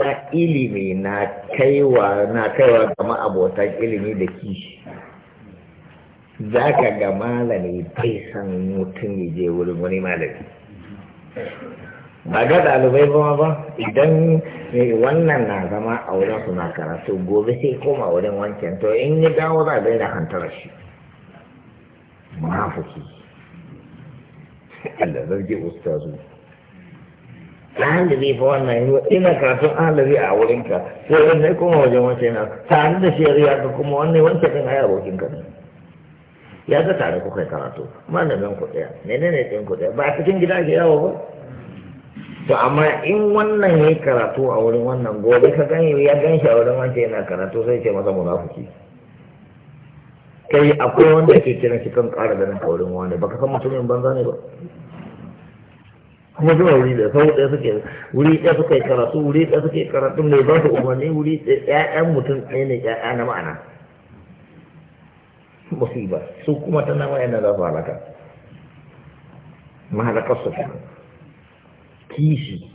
ta ilimi na kaiwa na kaiwa ga ma'abotan ilimi da kishi za ka ga malami bai san mutum ya je wurin wani malami ba ga ɗalibai ba ba idan wannan na zama a wurin suna karatu gobe sai koma wurin wancan to in ya dawo za a daina hantar shi munafuki Allah zarge ustazu ɗalibi fa wannan yi ina kasuwan ɗalibi a wurinka sai in ne kuma wajen wace na tare da shari'a ka kuma wannan wanke kan ai abokin ka ya ga tare ku kai karatu malamin ku ɗaya ne ne ku ɗaya ba a cikin gida ke yawo ba to amma in wannan yi karatu a wurin wannan gobe ka gani eh, ya gan shi a wurin wancan yana karatu sai ce masa munafiki kai akwai wanda ke kiran shi kan ƙara ganin ka wurin wani baka san mutumin banza ne ba kuma zuwa wuri da sau ɗaya suke wuri ɗaya suka yi karatu wuri ɗaya suke karatu mai ba su umarni wuri ɗayan mutum ɗaya ne ɗaya na ma'ana ba su kuma tana yana za su halaka mahalakar su kishi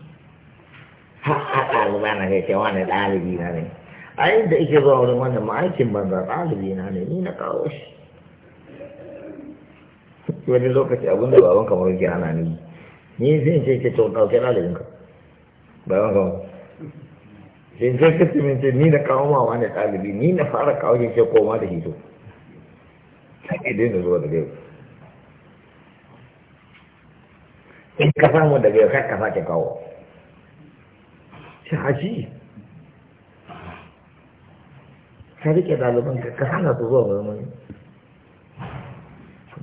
har a na kai cewa ne ɗalibi na ne a yadda ike zuwa wurin wannan ma'aikin banza ɗalibi na ne ni na kawo shi wani lokaci abinda baban kamar gina na ni ni zai ce ke to ɗauke ɗalibinka bayan kawo sai sai min ce ni na kawo ma wani ɗalibi ni na fara kawo shi sai koma da hito ta ka daina zuwa daga yau in ka samu daga yau kar ka sake kawo shi hashi ka rike ɗalibanka ka hana su zuwa wani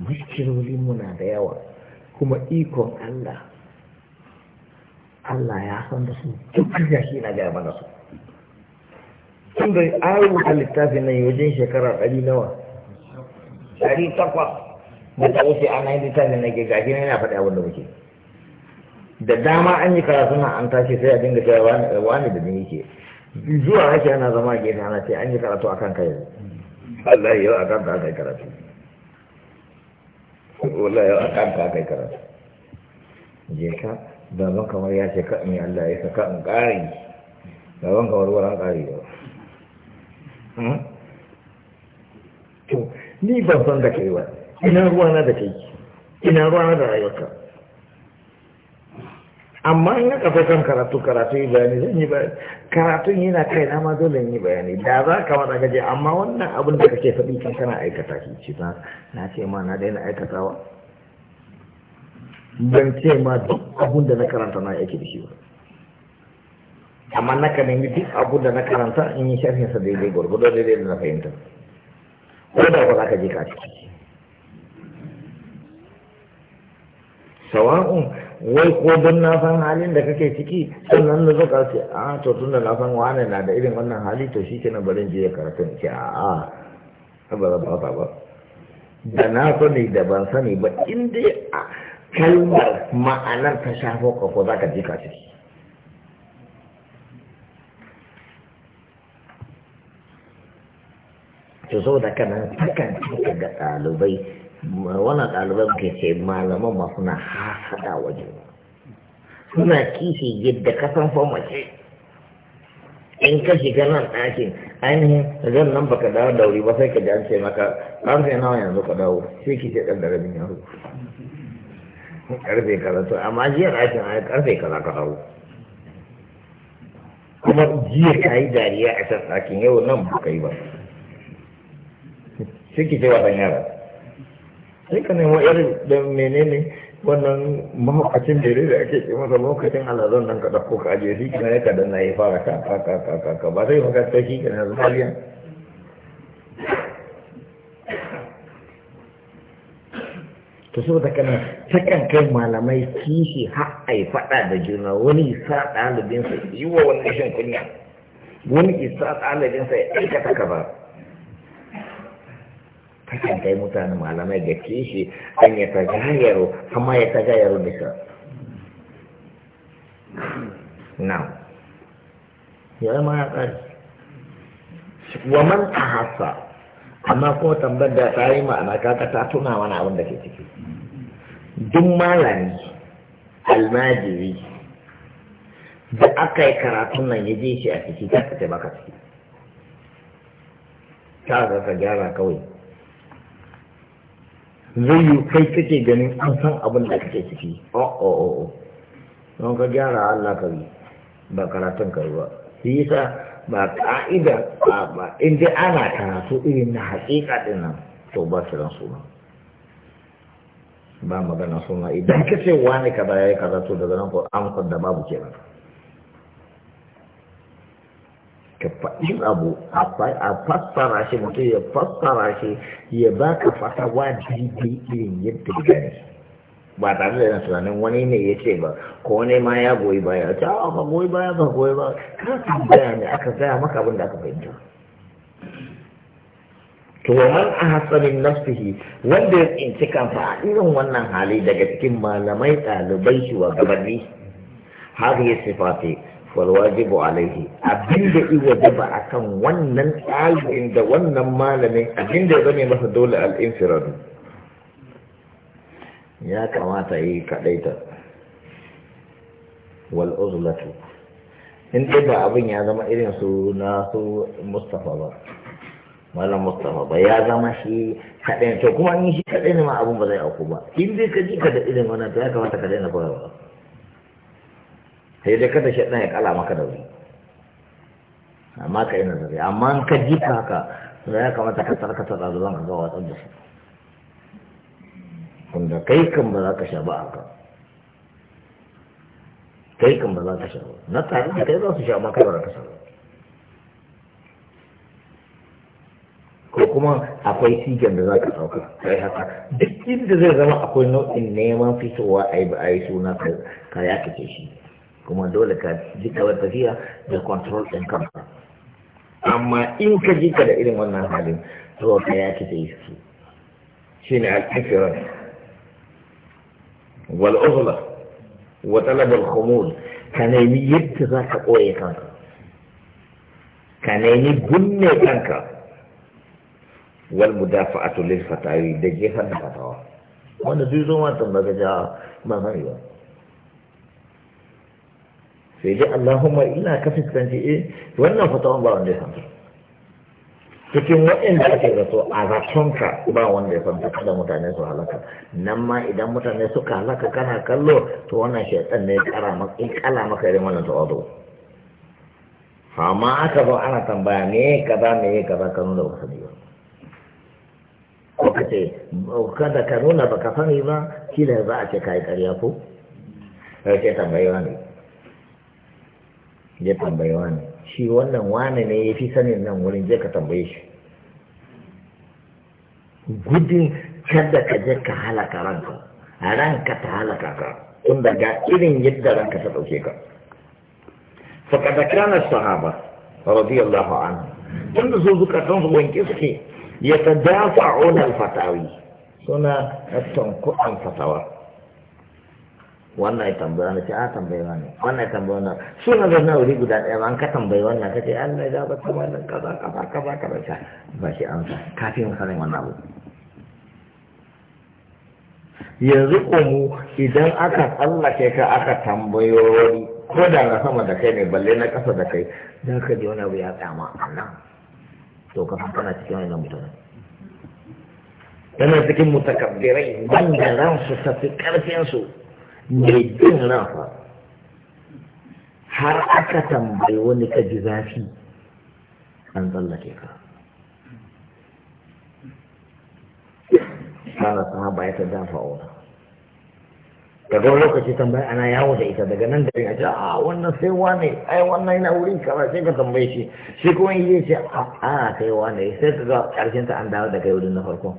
muskilolin muna da yawa kuma ikon Allah Allah ya san da su duk ya shi na gaya mana su tun da an rubuta littafi nan wajen shekara ɗari nawa ɗari takwas da ta wuce ana yi littafin na ke gashi na yana faɗi abin da muke da dama an yi karatu na an tashi sai a dinga cewa wani da ni yake zuwa ake ana zama gefe ana ce an yi karatu akan kai hmm. Allah ya yi wa akan da aka yi karatu wallahi a kan ka kai karatu je ka baban kamar ya ce ka in Allah ya saka in da ban kamar wurin ƙari ba hmm? ni ban san da kai ba ina ruwana da kai ina ruwa na da rayuwarka amma in aka fi kan karatu karatu yi bayani zan yi bayani karatun yana kai na ma dole yi bayani da za ka wata gaje amma wannan abin da kake faɗi kan kana aikata shi ce ta na ce ma na daina aikatawa ban ce ma duk abin da na karanta na aiki da shi ba amma na ka nemi duk abin da na karanta in yi sharhin sa daidai gwargwado daidai da na fahimta ko da ba za ka je ka ciki sawa'un wai ko don na san halin da kake ciki sannan na zo ce a to tun da na san wane na da irin wannan hali to shi kenan barin je ya karatun ce a a ba ba ba ba da na sani da ban sani ba inda dai a kalmar ma'anar ta shafo ka ko za ka ji ka ciki to zo da kana takan ga ɗalibai wannan ɗaliban ke ce malaman ma suna hasada waje. suna kishi yadda ka san fa mace in ka shiga nan ɗakin ainihin zan nan baka dawo da wuri ba sai ka ji an ce maka ƙarfe nawa yanzu ka dawo sai ki ce ɗan da rabin yaro ƙarfe kaza to amma jiya ɗakin ai ƙarfe kaza ka dawo kuma jiya ka yi dariya a can ɗakin yau nan ba ka yi ba sai ki ce wa ɗan yara sai ka nemo irin da menene wannan mahaukacin dare da ake ke masa lokacin alazon nan ka ɗauko ka ajiye shi kina yaka ka danna fara ka ka ka ka ka ka ba sai maka ta shi kana zuwa biyan to so da kana takan kai malamai kishi har ai faɗa da juna wani sa ɗalibinsa yi wa wani rashin kunya wani isa ɗalibinsa ya aikata ka ba kakan kai mutane malamai da kishi an ya ta gayaro amma ya ta gayaro nika. na ya ma ya wa man hasa amma ko tambar da ta yi ma'ana kaka ta tuna wani abin da ke ciki duk malami almajiri da aka yi karatun nan ya je shi a ciki ta ce baka ciki ta ka gyara kawai zai yi kai kake ganin an san abin da kake ciki o'o'o'o oh, oh, oh, don ka gyara Allah ka ba karatun ka ba shi yasa ba ka'ida ba in dai ana karatu irin na haƙiƙa din nan to ba su ran suna ba magana suna idan ka wani ka baya karatu daga nan ko amsar da babu kenan ka faɗi abu a fassara shi mutum ya fassara shi ya ba ka wa daidai irin yadda gani ba tare da tunanin wani ne ya ce ba ko wani ma ya goyi baya ta a ka goyi baya ba goyi ba ka tambaya ne aka gaya maka abin da aka fahimta to man a hasanin nafsihi wanda ya tsinci kansa a irin wannan hali daga cikin malamai ɗalibai shugabanni har ya sifati والواجب عليه abinda ba a kan wannan ɗalibin da wannan malamin abinda ya zame masa dole al'infiradu ya kamata yi kaɗaita wal'uzlatu in dai ba abin ya zama irin su na su mustapha ba malam mustapha ba ya zama shi kaɗai to kuma in shi kaɗai ne ma abin ba zai auku ba in dai ka ji ka da irin wannan to ya kamata ka daina koyarwa sai dai kada shaɗan ya kala maka da wuri amma ka yi nazari amma ka ji ka haka za ya kamata ka tarkata da zuwan ka zuwa watsar da su wanda kai kan ba za ka sha ba haka kai kan ba za ka sha ba na tare da kai za su sha maka kai ba ka sha ba ko kuma akwai sigan da za ka ɗauka kai haka duk inda zai zama akwai nau'in neman fitowa a yi ba a yi suna ka ya ke shi kuma dole ka ji kawar tafiya da control ɗin kanka amma in ka ji ka da irin wannan halin to ka ya ki ta yi su shi ne al-kafiran wal uzla wa talab al ka nemi yadda za ka ɓoye kanka ka nemi gunne kanka wal a lil fatawi da jefan da fatawa wanda zai zo ma tambaya ga ba sani sai dai Allahumma ina ka fuskanci eh wannan fatawan ba wanda ya san cikin waɗanda ake zato a zatonka ba wanda ya san ta kada mutane su halaka nan ma idan mutane suka halaka kana kallo to wannan shaitan ne kara maka in kala maka irin wannan tawadu amma aka zo ana tambaya me kaza me kaza ka nuna ba sani ba ko ka ce kada ka nuna baka sani ba kila za a ce yi ƙarya ko ce tambayi ne ya tambayi wani shi wannan wani ne ya fi sanin nan wurin je ka tambaye shi gudun kada ka je ka halaka ranka a ranka ta halaka ka tun daga irin yadda ranka ta ɗauke ka faƙada kana sahaba radiyallahu anhu tun da su zukatan su wanke suke ya ta dafa onar fatawi suna kuɗan fatawa wannan ya tambaya na ce a ah, tambayi wani wannan ya tambaya wannan shi ma zai na wuri guda ɗaya an ka tambayi wannan ka ce an na za ba ta wannan kaza kaza kaza kaza ka ba shi amsa kafin sanin wannan abu yanzu mu idan aka tsallake ka aka tambayo wani ko da na sama da kai ne balle na ƙasa da kai don ka ji wani abu ya tsama a nan to ka kana cikin wani mutane tana cikin mutakabbirai wanda ransu tafi ƙarfinsu mai jin rafa har aka tambayi wani ka ji zafi an tsallake ka kala sahaba ya ta dafa wani daga wani lokaci tambayi ana yawo da ita daga nan da ya ce a ah, wannan sai wane ai wannan yana wurin kamar sai ka tambaye shi shi kuma yi ce a ah, a sai wane sai ka ga karshen ta an dawo daga yau na farko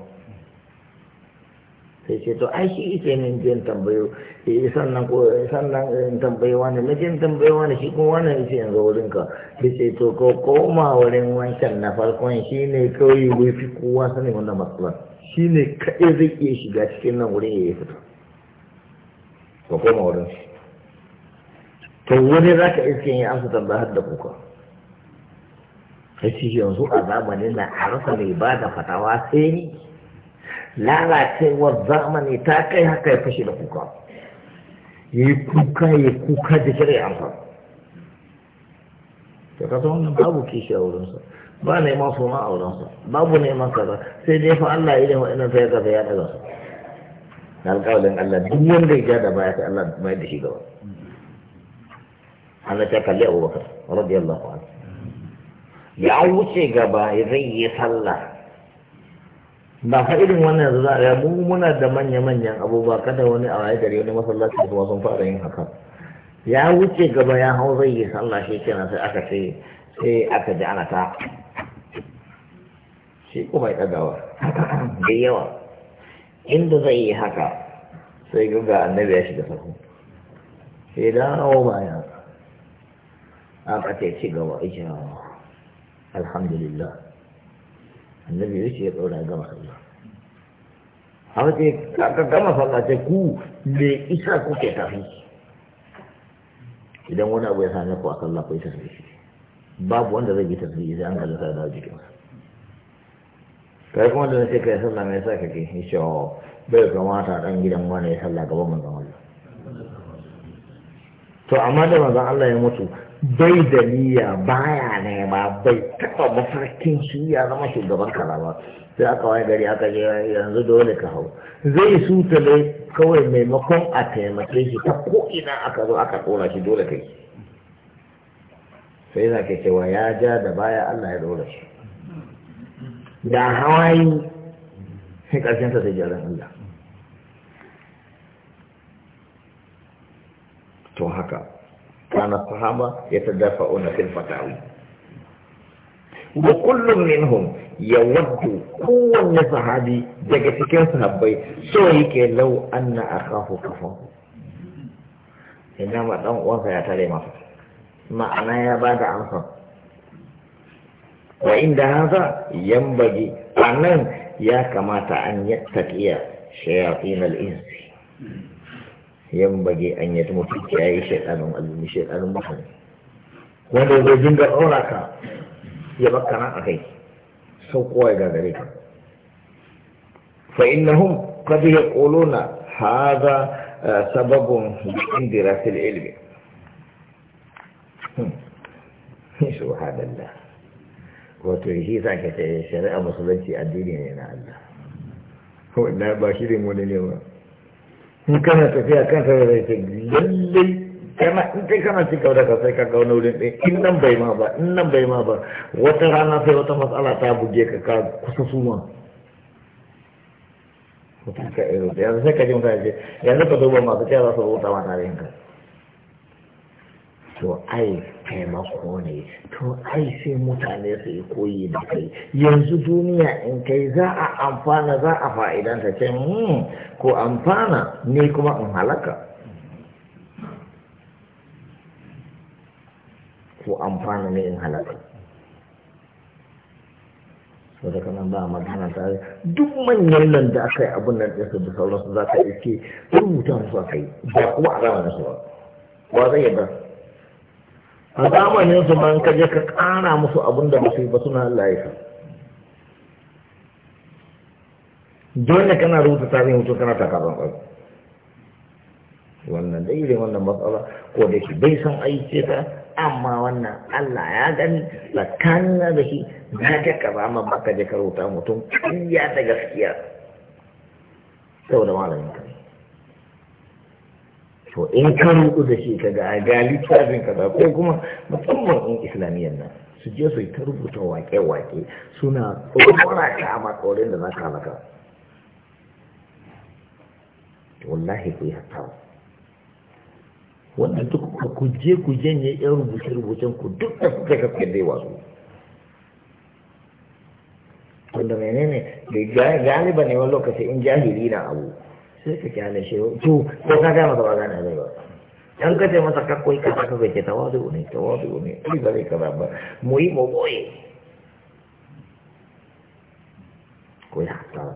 sai ce to ai shi ike min biyan tambayo eh, sannan ko sannan in tambayi wani na jin tambayi wani shi kuma wani ita yanzu wurin ka sai ce to ko koma wurin wancan na farkon shi ne kawai wai fi kowa sanin wannan matsalar shi ne kaɗai zai iya shiga cikin nan wurin ya yi fito ko koma wurin shi to wani za ka iske ya amsa tambaya har da kuka sai yanzu a zamanin na a rasa mai ba da fatawa sai ni lalacewar zamani ta kai haka ya fashe da kuka ya yi kuka ya kuka da shirya amsa ta kasa wannan babu kishi a wurinsa ba neman suna a wurinsa babu neman kaza sai dai fa Allah ya nema ina sai kaza ya daga su na alƙawarin Allah duk wanda ya ja da baya sai Allah mai da shi gaba Allah ta kalli Abubakar radiyallahu anhu ya wuce gaba zai yi sallah ba fa irin wannan yanzu za a mu muna da manya-manyan abubuwa kada wani a waye gari wani masallaci kuma sun fara yin haka ya wuce gaba ya hau zai yi sallah shi kenan sai aka ce sai aka ji ana ta shi kuma ya ɗagawa da yawa inda zai yi haka sai ga annabi ya shiga sahu sai dawo baya aka ce ci gaba isha alhamdulillah annabi ya ce ya ɗora gama Allah haka ce aka gama sallah ce ku me isa kuke tafi idan wani abu ya same ku a sallah ku yi tasbihi babu wanda zai yi tafi sai an kalli na da jikinsa kai kuma da nace kai sallah mai sa kake insha Allah oh, bai kamata dan gidan wani ya sallah gaban manzon Allah to amma da manzon Allah ya mutu bai da niyya baya nema bai taɓa mafarkin shi ya zama shugaban kaza ba sai aka wani gari aka je yanzu dole ka hau zai suta dai kawai maimakon a taimake shi ta ko ina aka zo aka kona shi dole kai sai za ke cewa ya ja da baya Allah ya dora shi da hawayi sai ƙarshen ta sai jaran Allah to haka Ka na fahamma ya ta dafa una fim fatawu. Ba kullum ni nuhu ya waddu kowanne sahabi daga cikin sababba, sau yake anna a kafu kafanku. Ina ma dan uwansa ya tare masu. Ma'ana ya bada amsa. wa in da haza, yan baje ya kamata an yattaƙi shayar filal ƙirƙirar. yambage an yi ta mutum ya yi shaɗanin azumi shaɗanin mutane wanda zai dinga ɗora ka ya baka nan a kai sau kowa ya gagare ka fa innahum qad yaquluna hadha eh, sababun ilimi? dirasil ilmi hmm. subhanallah wato shi za shari'a musulunci addini ne na Allah wannan ba shi shirin wani ne ba in kana tafiya kan sai zai ta lalle kana in kai kana ci gaba da ka sai ka ga wani wurin ɗin in nan bai ma ba in nan bai ma ba wata rana sai wata matsala ta buge ka ka kusa suma yanzu sai ka ji mutane ce yanzu ka duba masu kyau za su rubuta ma tarihin ka to ai taimako ne to ai sai mutane su yi koyi da kai yanzu duniya in kai za a amfana za a fa'idanta ce hmm, ko amfana ne kuma in halaka ko amfana ne in halaka sau da kanan ba magana ta duk manyan nan da aka yi abin nan ɗinsu da sauransu za ka iske rubuta su aka yi ba kuma a zama da su ba ba zai yadda a zamanin su ka je ka ƙara musu abun da musu ba suna laifi dole kana rubuta tarihin mutum kana takarar ɗauki wannan dai irin wannan matsala ko da shi bai san aike ta amma wannan Allah ya gani tsakanina da shi za ka kaza ma baka je ka rubuta mutum ƙarya da gaskiya saboda malamin kai to in ka rubuta da shi ka ga ga littafin kaza ko kuma musamman in islamiyyar nan su je su yi ta rubuta wake-wake suna tsoron ka a matsorin da za ka maka wallahi ku yi hattawa wannan duk ku je ku janye yan rubuce-rubucen ku duk da kuka kai dai wasu wanda menene ne galiba ne wani lokaci in jahili na abu sai ka kyale shi to ko ka gama ba gane zai ba an kace masa ka koyi ka ka bai ke tawadu ne tawadu ne ai ba ka ba ba mu yi mu boye ko ya ta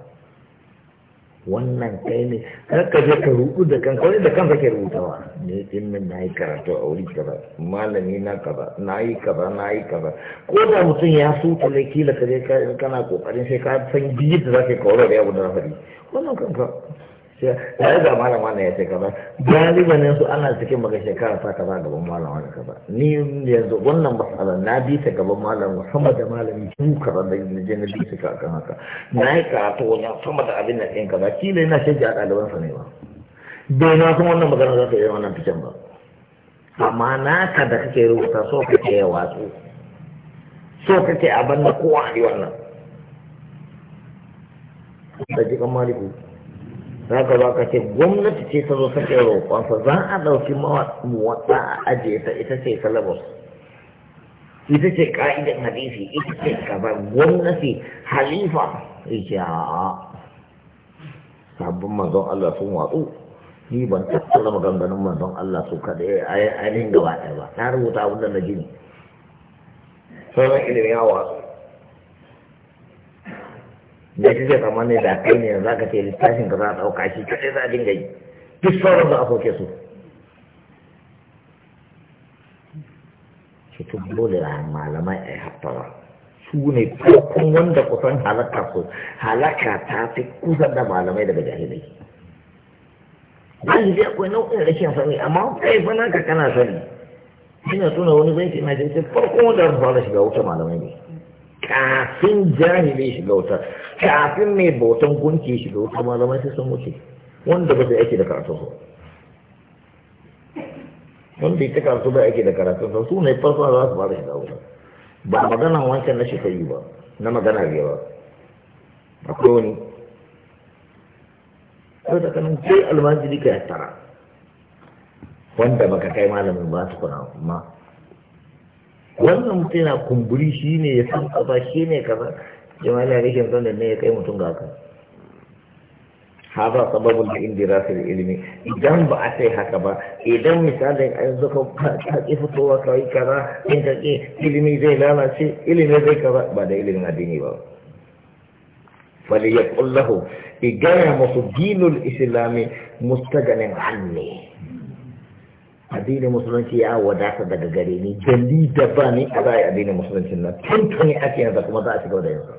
wannan kai ne kar ka je ka rubu da kanka wani da kanka ke rubutawa ne din min na yi karatu a wuri kaza malami na kaza na yi kaza na yi kaza ko da mutum ya su ne kila ka je kana kokarin sai ka san biyu da zaka kawo da abu da rafari wannan kanka sai da malama ne ya ce kaza galibanin su ana cikin maka shekara ta kaza gaban malam wani kaza ni yanzu wannan matsala na bi ta gaban malam Muhammad da malami kin kaza da ni je na bi ta ka kan haka na yi karatu wajen sama da abin nan ɗin kaza kila na shege a ɗaliban sa ne ba bai na san wannan magana za ta yi wannan fitan ba amma naka da kake rubuta so kake ya watsu so kake a banda kowa a yi wannan da jikan maliku za ka ba ka ce gwamnati ce ta zo ke roƙonsa za a ɗauki mawaɗa a ajiye ta ita ce salabar ita ce ƙa'idar hadisi ita ce kaza gwamnati halifa ya sabbin mazan Allah sun watsu ni ban tattara maganganun mazan Allah su kaɗai ainihin gaba ɗaya ba na rubuta abin da na jini sauran ilimin ya watsu da kake tsammani da kai ne za ka ce littafin ka za a ɗauka shi kaɗai za a dinga yi duk sauran za a soke su su tun dole da malamai a yi hattara su ne farkon wanda kusan halakka su halaka ta fi kusan da malamai daga jahilai zai akwai nau'in rashin sani amma kai fa naka kana sani ina tuna wani ce na jirgin farkon wanda ya fara shiga wuta malamai ne kafin jahilai shiga wuta kafin mai bautan gunki shi da wata malamai sai sun wuce wanda ba zai ake da karatu ba wanda ya ta karatu ba ake da karatu ba su ne farko za su fara shiga wurin ba magana wancan na shekaru ba na magana biya ba akwai wani sau da kanan kai almajiri ka tara. wanda baka kai malamin ba su kuna ma wannan mutum yana kumburi shi ne ya san kaza shi ne kaza jama'a rikin don da ne ya kai mutum ga haka haza sababu da indi ilimi idan ba a sai haka ba idan misalin an zuka ka kaki fitowa kawai kaza in ka ilimi zai lalace ilimi zai kaza ba da ilimin addini ba fali ya kullahu igaya musu dinul islami mustaganin hannu addinin musulunci ya wadata daga gare ni dalli da ba ni a za a yi addinin musulunci na tuntuni ake yanzu kuma za a shiga da yanzu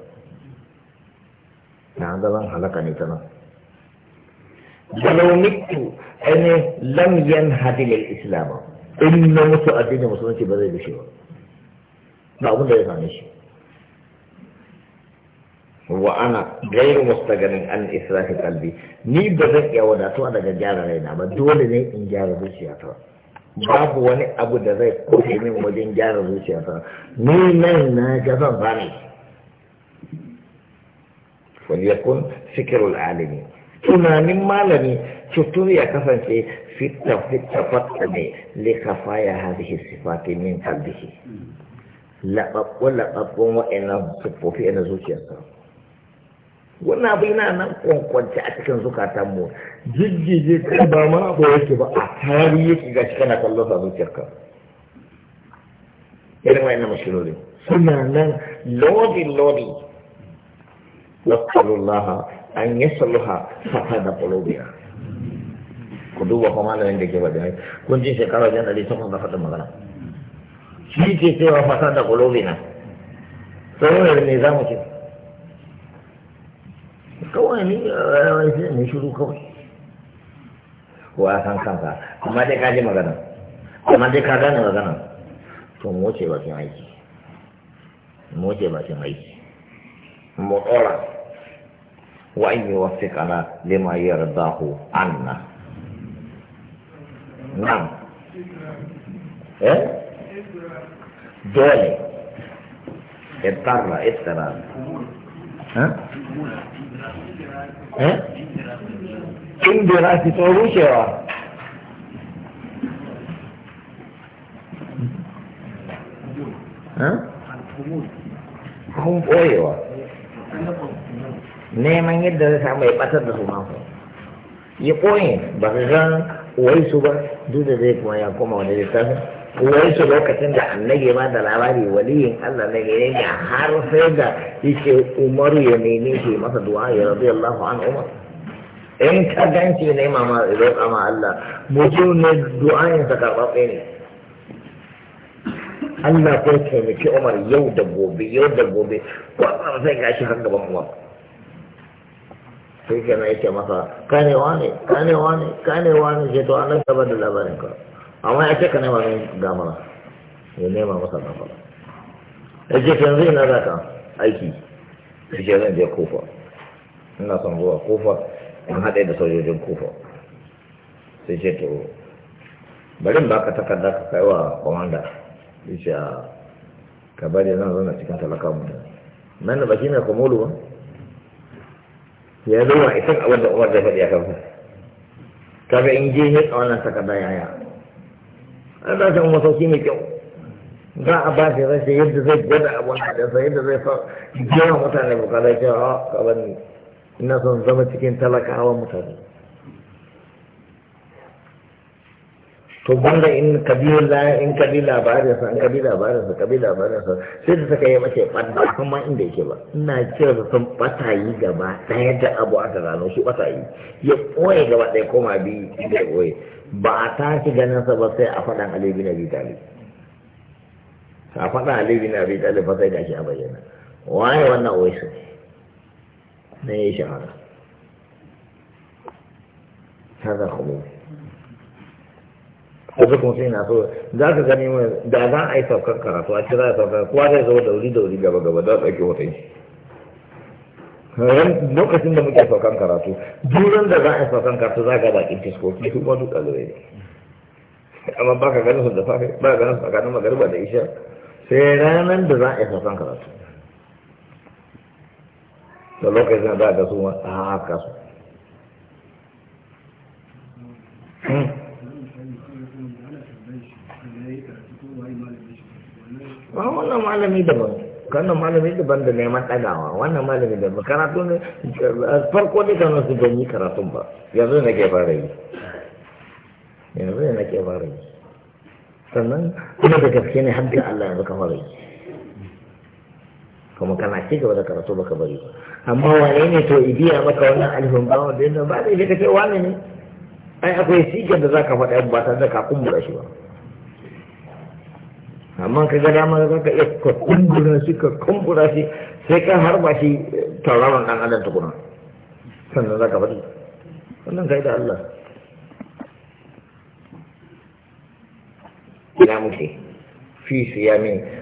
na ga zan halaka ne ta nan walau mitu ane lam yanhadi lil islam in na mutu addini musulunci ba zai bishe ba ba abin da ya same shi wa ana gairu mustaganin an israfi kalbi ni ba zan iya wadatuwa daga gyara raina ba dole ne in gyara zuciyata babu wani abu da zai kofe min wajen gyara zuciyata ni nan na ga ba ne. وليكن فكر العالمين tunanin malami cutur ya kasance fitta mai fatta ne likafa ya hadihi sifati min kalbihi laɓaɓɓun laɓaɓɓun wa'annan siffofi na zuciyarsa wannan abu yana nan kwankwanci a cikin zukatanmu jijjiji kai ba ma abu yake ba a tari yake ga cikin kallon sa zuciyarka irin wa'annan mashirori suna nan lodi lodi nasalullaha an yasaluha fasada orang wa ini wasik anak lima year dahu anna enam eh dole etara etara Hah? Eh? Indra si tahu siapa? Hah? Kumpul. Kumpul ya. neman yadda zai samu ya batar da su mako ya koyi ba su san wai su ba duk da zai kuma ya koma wani littafin wai su lokacin da annabi ba da labari waliyin Allah na gare ne har sai da yake umaru ya nemi shi masa du'a ya Allah an umar in ka ganci ne mama zai kama Allah mutum ne du'a in sa ne Allah ko taimaki Umar yau da gobe yau da gobe kwanan sai gashi har gaban Umar sai kana yake masa kanewa ne kanewa ne kanewa ne sai to Allah gaba da labarin ka amma ya ce ka nema min gamara ya nema masa gamara ya ce yanzu ina za ka aiki ya ce zan je kofa ina son zuwa kofa in haɗe da sojojin kofa sai ce to bari ba ka takarda ka kai wa kwamanda yace ka bari zan zauna cikin talaka mutane nan ba shine kumulu ba ya zo wa isan abin da umar da faɗi a kansa kaga in je a wannan takarda yaya an za ta masauki mai kyau za a ba shi rashin yadda zai gwada abin haɗinsa yadda zai fa jiwa mutane bukatai cewa ah, ka bani ina son zama cikin talakawa mutane to banda in kabila in kabila sa in kabila labarinsa kabila sa sai da suka yi mace ɓanda kuma inda yake ba ina cewa da sun batayi gaba ɗaya da abu da rano shi batayi ya ɓoye gaba ɗaya koma biyu inda ya ɓoye ba a tashi ganin sa ba sai a faɗan Ali bin Abi a faɗan Ali bin Abi ba sai gashi a bayyana waye wannan waisu ne ya yi shahara هذا خمول a kuma sai na so za ka gani mai da za a yi saukar karatu a kira saukar kowa zai zo da wuri da wuri gaba gaba za a ɗauki hoton shi lokacin da muke saukan karatu duran da za a yi saukan karatu za ga bakin fiskoki su ma duk ɗalibai ne amma ba ka ganin su da safe ba ka ganin su tsakanin magariba da isha sai ranar da za a yi saukan karatu da lokacin da za a ga su ma a haka su wannan malami daban wannan malami daban da neman ɗagawa wannan malami daban karatu ne farko ne kan su ban yi karatun ba yanzu ne ke fara yi yanzu ne ke fara yi sannan kuma da gaske ne har da Allah yanzu ka fara yi kuma kana ci gaba da karatu baka bari ba. amma wane ne to ibiya maka wannan alifin ba wanda yanzu ba da ita ce wane ne ai akwai sigar da zaka faɗa ba tare da ka kumbura shi ba amma ka ga dama za ka iya ka kumbura shi ka kumbura shi sai ka harba shi eh, tauraron ɗan adam kuna sannan za ka faɗi wannan kai da Allah ina muke fi su ya min